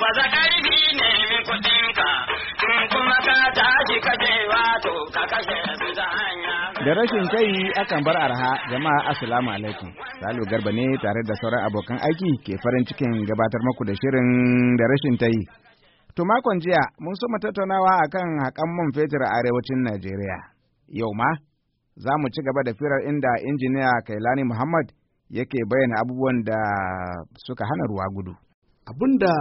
baza ƙarfi ne kuɗinka, in kuma ka tashi ka je wato ka kashe su hanya. Da rashin kai akan bar arha jama'a assalamu alaikum. Salu Garba ne tare da sauran abokan aiki ke farin cikin gabatar maku da shirin da rashin ta To makon jiya mun so mu tattaunawa akan hakan man fetur a arewacin Najeriya. Yau ma za mu ci gaba da firar inda injiniya Kailani Muhammad yake bayyana abubuwan da suka hana ruwa gudu. Abin da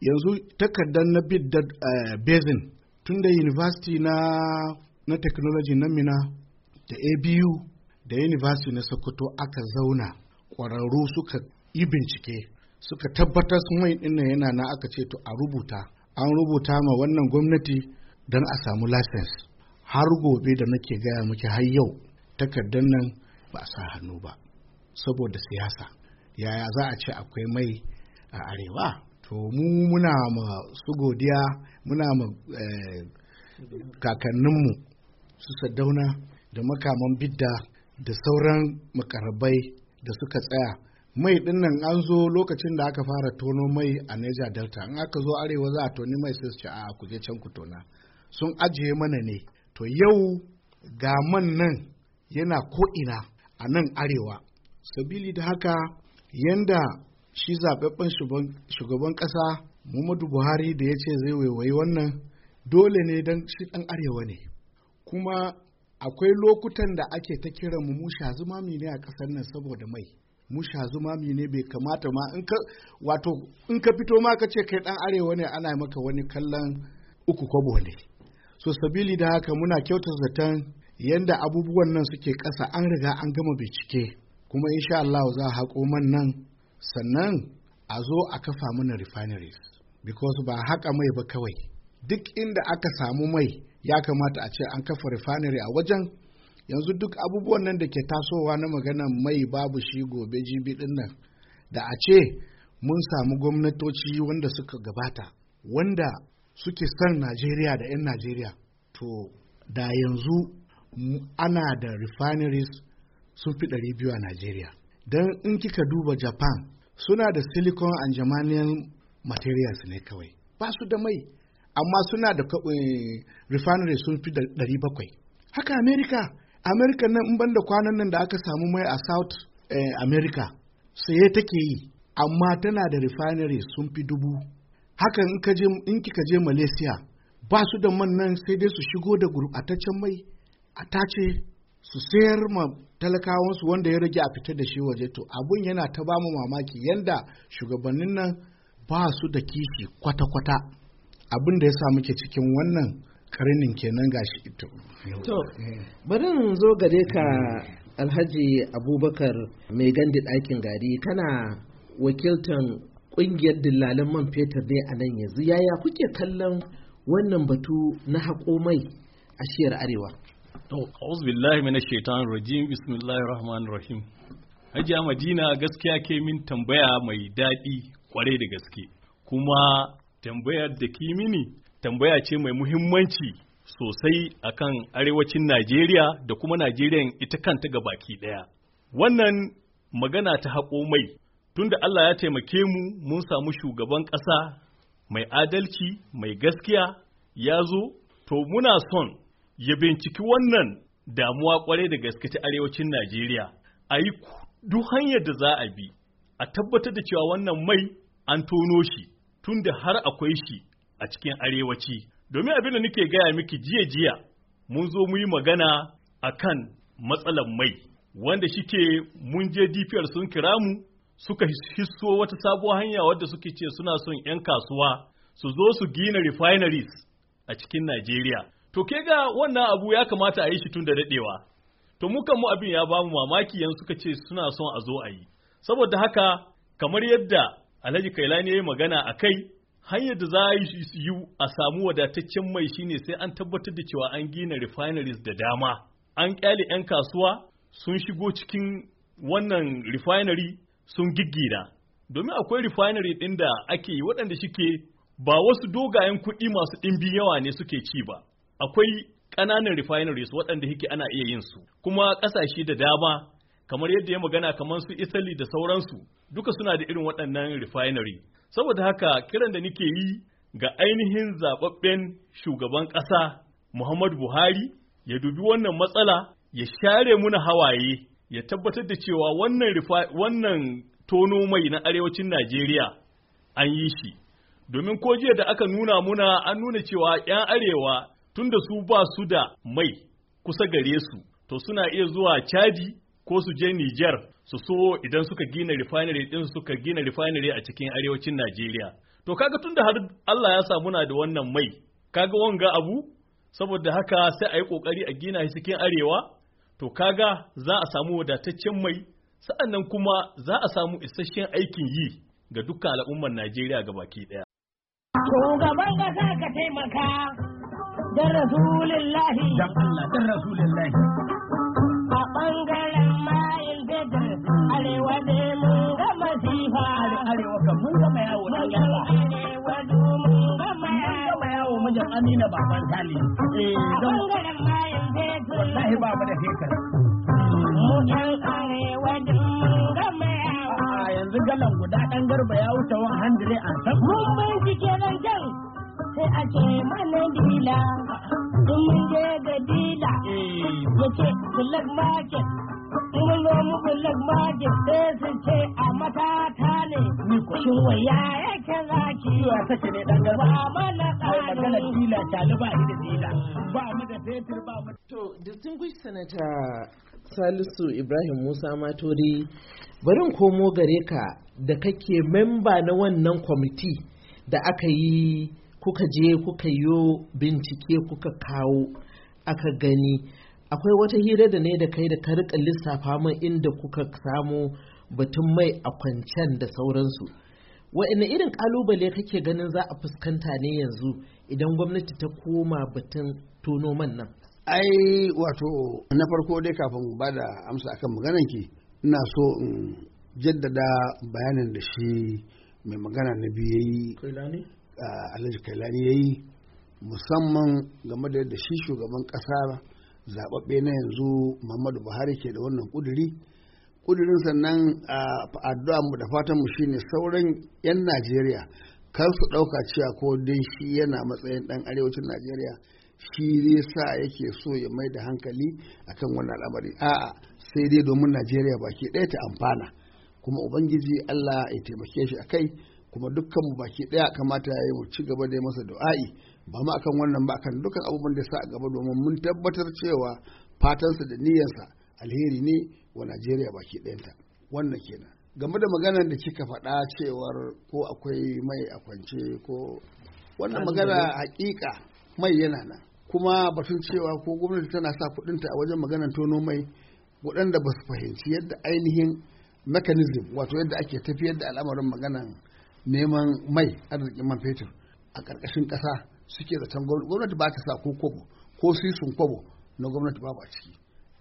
yanzu takardar na bid da eh, basin tun da university na na technology na mina da abu da university na sokoto aka zauna ƙwararru suka yi bincike suka tabbatar mai ɗin yana na aka ce to a rubuta an rubuta ma wannan gwamnati don a samu license har gobe da nake gaya miki har yau takardar nan ba a sa hannu ba saboda siyasa yaya za a ce akwai mai a arewa to mu muna ma su godiya muna ma eh, kakanninmu su sadauna da makaman bidda da sauran makarabai da suka tsaya mai dinnan an zo lokacin da aka fara tono mai a Niger Delta in aka zo arewa za a toni mai sai su ce a ku je can ku tona sun ajiye mana ne to yau ga man nan yana ko ina a nan arewa sabili da haka yanda shi zaɓaɓɓen shugaban ƙasa muhammadu buhari da ya ce zai waiwayi wannan dole ne don shi ɗan arewa ne kuma akwai lokutan da ake ta kiran mu musha shazumami ne a ƙasar nan saboda mai musha zumami ne bai kamata ma in ka wato in ka fito ma ka ce kai ɗan arewa ne ana maka wani kallon uku kwabo ne so sabili da haka muna kyauta zaton yadda abubuwan nan suke ƙasa an riga an gama bincike kuma insha Allah za a haƙo man nan sannan a zo a kafa mana refineries because ba haka mai ba kawai duk inda aka samu mai ya kamata a ce an kafa refinery a wajen yanzu duk abubuwan nan da ke tasowa na maganan mai babu shi gobe jibi din nan da a ce mun samu gwamnatoci wanda suka gabata wanda suke san najeriya da 'yan najeriya to da yanzu ana da refineries sun fi 200 a najeriya don in kika duba japan suna da silicon and germanium materials ne kawai ba su da mai amma suna da eh, refinery sun fi da 700 haka america america nan in banda kwanan nan da aka samu mai a south eh, america saye take yi amma tana da refinery sun fi dubu hakan in kika je malaysia ba su da man nan sai dai su shigo da gurbataccen mai a tace su sayar ma talakawansu wanda ya rage a fita da shi waje to abun yana ta ba mu mamaki yanda shugabannin nan ba su da kishi kwata-kwata abin da ya sa muke cikin wannan karinin kenan gashi ito. To, bari zo gare ka Alhaji Abubakar mai gandi ɗakin gari kana wakiltan ƙungiyar dillalin man fetur ne a nan yanzu yaya kuke kallon wannan batu na haƙo mai a shiyar arewa? To, a'udhu billahi minash shaitanir rajim. Bismillahir rahmanir rahim. Hajiya Madina gaskiya ke min tambaya mai daɗi kwarai da gaske. Kuma tambayar da ki mini tambaya ce mai muhimmanci sosai akan arewacin Najeriya da kuma Najeriya ita kanta ga baki ɗaya. Wannan magana ta haƙo mai tunda Allah ya taimake mu mun samu shugaban ƙasa mai adalci mai gaskiya ya zo to muna son ya binciki wannan damuwa kwarai da gaske ta arewacin Najeriya a yi duk hanyar da za a bi a tabbatar da cewa wannan mai an tono shi tun da har akwai shi a cikin arewaci domin abin da nake gaya miki jiya jiya mun zo mu yi magana akan matsalar mai wanda shike mun je DPR sun kira mu suka hisso wata sabuwar hanya wadda suke ce suna son 'yan kasuwa su zo su gina refineries a cikin Najeriya To ke ga wannan abu ya kamata a yi shi tun da daɗewa. To mukan mu abin ya ba mu mamaki yanzu suka ce suna son a zo a yi. Saboda haka kamar yadda Alhaji Kailani ya yi magana a kai hanyar da za a yi a samu wadataccen mai shine sai an tabbatar da cewa an gina refineries da dama. An kyale 'yan kasuwa sun shigo cikin wannan refinery sun giggina. Domin akwai refinery ɗin da ake yi waɗanda shike ba wasu dogayen kuɗi masu ɗimbi yawa ne suke ci ba. akwai ƙananan refineries waɗanda yake ana iya yin su kuma ƙasashe da dama kamar yadda ya magana kamar su Italy da sauransu duka suna da irin waɗannan refinery saboda haka kiran da nake yi ga ainihin zababben shugaban ƙasa Muhammadu Buhari ya dubi wannan matsala ya share muna hawaye ya tabbatar da cewa wannan wannan tono mai na arewacin Najeriya an yi shi domin ko jiya da aka nuna muna an nuna cewa 'yan arewa tunda su ba su da mai kusa gare su to suna iya zuwa Chadi ko su je Nijar su so idan suka gina refinery din suka gina refinery a cikin arewacin Najeriya to kaga tunda har Allah ya samu na da wannan mai kaga wanga abu saboda haka sai a yi ƙoƙari a gina shi cikin arewa to kaga za a samu wadataccen mai sa'annan kuma za a samu isasshen aikin yi ga dukkan al'ummar Najeriya ga baki ɗaya. shugaban kasa ka taimaka dan rasulillahi dan Allah dan rasulillahi a ɓangaren mayin bedar arewa ne mun ga masifa arewa kan mun ga mayawo dan yawa arewa mun ga mayawo mun ga amina baban tali A eh, ɓangaren bangaren mayin bedar wallahi ba mu da hekar mu yan arewa mun ga mayawo yanzu galan guda ɗan garba ya wuce 100 a san mun bincike nan jan sai ake ce mana dila in mun je ga dila mu eh. ce bulag market mun zo mu bulag market sai su ce a matata ne shin waya yake zaki yiwa sace ne dan gaba ba na tsari magana dila taliba ni da dila ba mu da fetur ba mu to distinguished senator Salisu Ibrahim Musa Matori barin komo gare ka da kake memba na wannan kwamiti da aka yi kuka je kuka yi bincike kuka kawo aka gani akwai wata hira da ne da kai da karka lissafa min inda kuka samu batun mai a kwancen da sauransu wa'ina irin kalubale kake ganin za a fuskanta ne yanzu idan gwamnati ta koma batun tono man nan ai wato na farko dai kafin ba da amsa akan maganan ki ina so in jaddada bayanin da shi mai magana na biyayi alhaji kailani ya yi musamman game da yadda shi shugaban kasa zaɓaɓɓe na yanzu muhammadu buhari ke da wannan ƙuduri ƙudurin sannan a addu'a mu da fatan mu shine sauran 'yan najeriya kar su ɗauka cewa ko dai shi yana matsayin ɗan arewacin najeriya shi zai sa yake so ya mai da hankali akan wannan al'amari a'a sai dai domin najeriya baki ɗaya ta amfana kuma ubangiji allah ya taimake shi a kai kuma dukkanmu baki daya kamata ya yi mu ci gaba da masa du'a'i ba ma akan wannan ba akan dukkan abubuwan da sa a gaba domin mun tabbatar cewa fatansa da niyyarsa alheri ne wa Najeriya baki ɗayanta wannan kenan game da maganar da kika faɗa cewar ko akwai mai a kwance ko wannan magana hakika mai yana nan kuma batun cewa ko gwamnati tana sa kudinta a wajen maganar tono mai waɗanda ba su fahimci yadda ainihin mechanism wato yadda ake tafiyar da al'amarin maganar neman mai arzikin man fetur a ƙarƙashin ƙasa suke zaton gwamnati ba ta sa ko kwabo ko sisun kwabo na gwamnati babu a ciki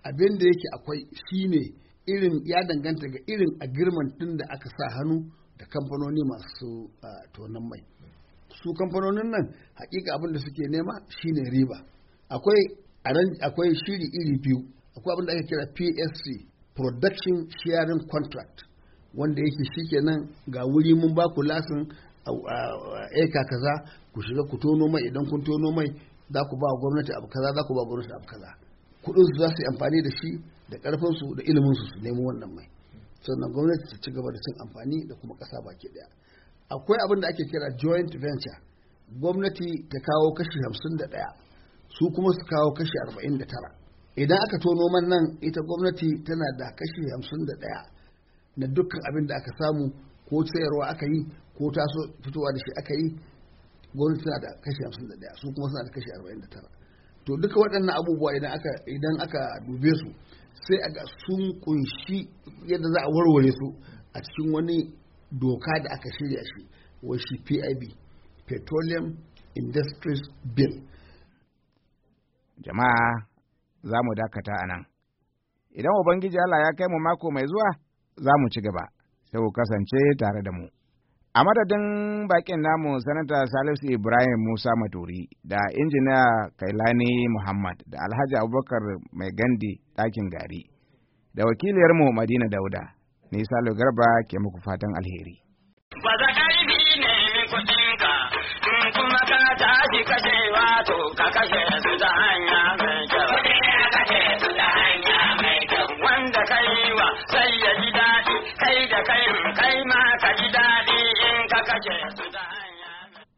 abin da yake akwai shine irin ya danganta ga irin girman din da aka sa hannu da kamfanoni masu tonon mai su kamfanonin nan hakika abin da suke nema shine riba akwai shiri iri biyu akwai abin da ake kira PSC production sharing contract wanda yake shikenan ga wuri mun ba ku lasin eka kaza ku shiga ku tono mai idan kun tono mai za ku ba gwamnati abu kaza za ku ba gwamnati abu kaza kudin su za su yi amfani da shi da karfin su da ilimin su su nemo wannan mai sannan gwamnati ta ci gaba da cin amfani da kuma kasa baki daya akwai abin da ake kira joint venture gwamnati ta kawo kashi hamsin da ɗaya su kuma su kawo kashi arba'in da tara idan aka tono man nan ita gwamnati tana da kashi hamsin da ɗaya na dukkan abin da aka samu ko sayarwa aka yi ko taso fitowa da shi aka yi gwamnati suna da kashi hamsin da su kuma suna da kashi arba'in da tara to duka waɗannan abubuwa idan aka idan dube su sai ga sun kunshi yadda za a warware su a cikin wani doka da aka shirya shi wai shi PIB Petroleum Industries Bill jama'a za mu dakata a nan idan ubangiji Allah ya kai mu mako mai zuwa za mu ci gaba, sai ku kasance tare da mu. A madadin bakin namu sanata Salisu Ibrahim Musa Maturi da injiniya Kailani Muhammad da Alhaji Abubakar Mai Gandi ɗakin gari da wakiliyarmu Madina Dauda, ni Salo Garba ke muku fatan alheri. Ba za ka yi ne kuɗinka, kuma ka kashe wato ka kashe kashe kai kai ma ka ji daɗi in ka kake su ta